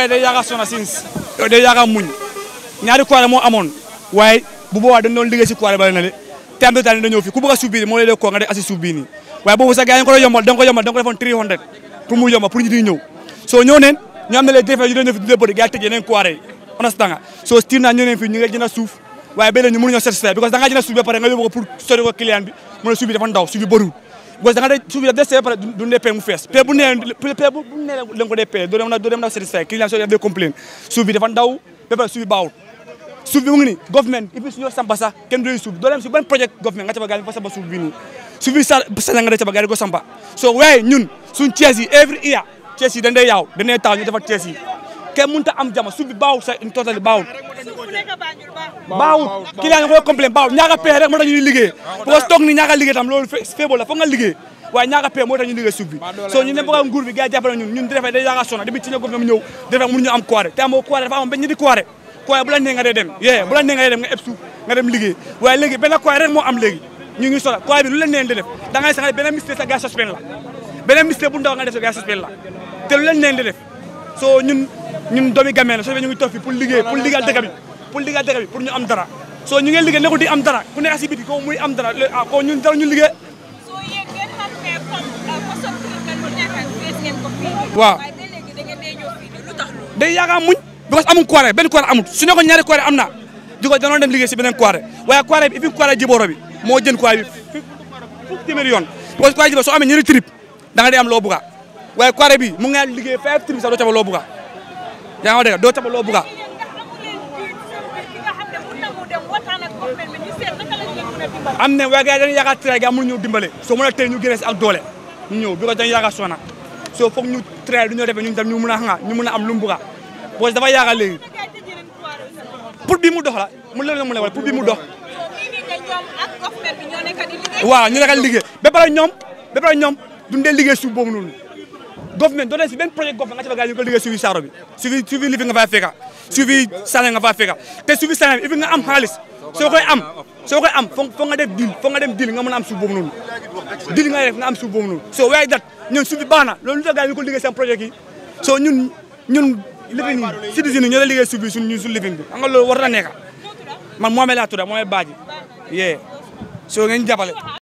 pare day yaakaar soxna sins day muñ ñaari koore moo amoon waaye bu boobaa dañ liggéey si koore bari na le temps de temps ni dañoo fi ku bëgg a nga def asi understand nga soo naa ñëw neen ñu ngi jënd suuf waaye ba léegi ñu mënuñoo satisfaire because da ngaa suuf ba pare nga yóbbu ko pour sori ko bi mu suuf dafa ndaw suuf bi gos da nga de suuf bi def see mu fees pe bu nee pe bu ko deppee doo dem na na satisfait client so def complain suuf dafa ndaw ba pare suuf bi baawul suuf bi government et puis sampa sax kenn doy suuf doo dem si ban projet government nga ca ba gaal fa sampa suuf bi nii suuf bi sa sa nga ca ba gaal ko sampa so waaye ñun suñ Thiès every year Thiès yi yaaw dañ dee taw ñu defar kenn mënut a am jama suuf bi baawul sa une totale baawul. baawul client nga koy complain baawul ñaaka pexe rek moo tax ñuy liggéey. parce que toog ni ñaaka liggéey tam loolu feeboo la foog nga liggéey waaye ñaaka pexe moo tax ñuy liggéey suuf bi. soo ñu ne bëgg nguur bi gars yi jàppale ñun ñun defee day yaakaar sonn depuis ci ñoom ñoom ñëw defee mënuñu am koore te amoo koore dafa am benn ñetti koore bu la nee nga dee yee bu la nee da ñun doomi gamé la soo ñu ngi toog pour liggéey pour ligal dëkk bi pour ligal dëkk bi pour ñu am dara so ñu ngi liggéey ne di am dara ku nekk si biti ko muy am dara ah, ko ñun dara ñu ah, fi wa day yaakaar muñ because amul koore ben koore amut su ne ko ñaari koore amna diko da dañoo dem liggéey ci benen koore waaye koore bi ifi koore jibooro bi mo jën koore bi fukk téeméeri yoon because koore jibooro so amee ñaari trip da nga di am lo buga waaye koore bi mu ngi liggéey fay trip sax do ca lo buga yaa ngi doo taba loo buga am na waaye gars yi dañuy yaakaar traité gi amul ñu dimbale soo mën a tey ñu gën si ak doole ñu ñëw bi ko dañuy yaakaar soo nag soo foog ñu traité du ñu ñu tam ñu mën a xanaa ñu mën a am lu mu buga parce que dafa yaakaar léegi pour bi mu dox la mu leen mu ne wala pour bi mu dox. waaw ñu nekkal liggéey ba pare ñoom ba pare ñoom duñ liggéey suuf boobu noonu. government doon nañ si benn nga ci fa gars yi ko liggéey suivi saaro bi suivi suivi lifi nga faa fekka suivi sane nga faa fekka te suivi sane bi nga am xaalis soo koy am soo ko am foog foog nga def dil foog dem dil nga mën a am suuf boobu noonu dil nga def nga am suuf boobu noonu soo waaye dat ñun suuf bi baax na loolu lu tax gars yi ñu ko liggéey seen projet yi soo ñun ñun lifin yi citizen yi ñoo la liggéey suuf bi suñ ñun suñ lifin bi xam nga loolu war na nekka man Mohamed laa tudd Mohamed Badji yee so ngeen jàppale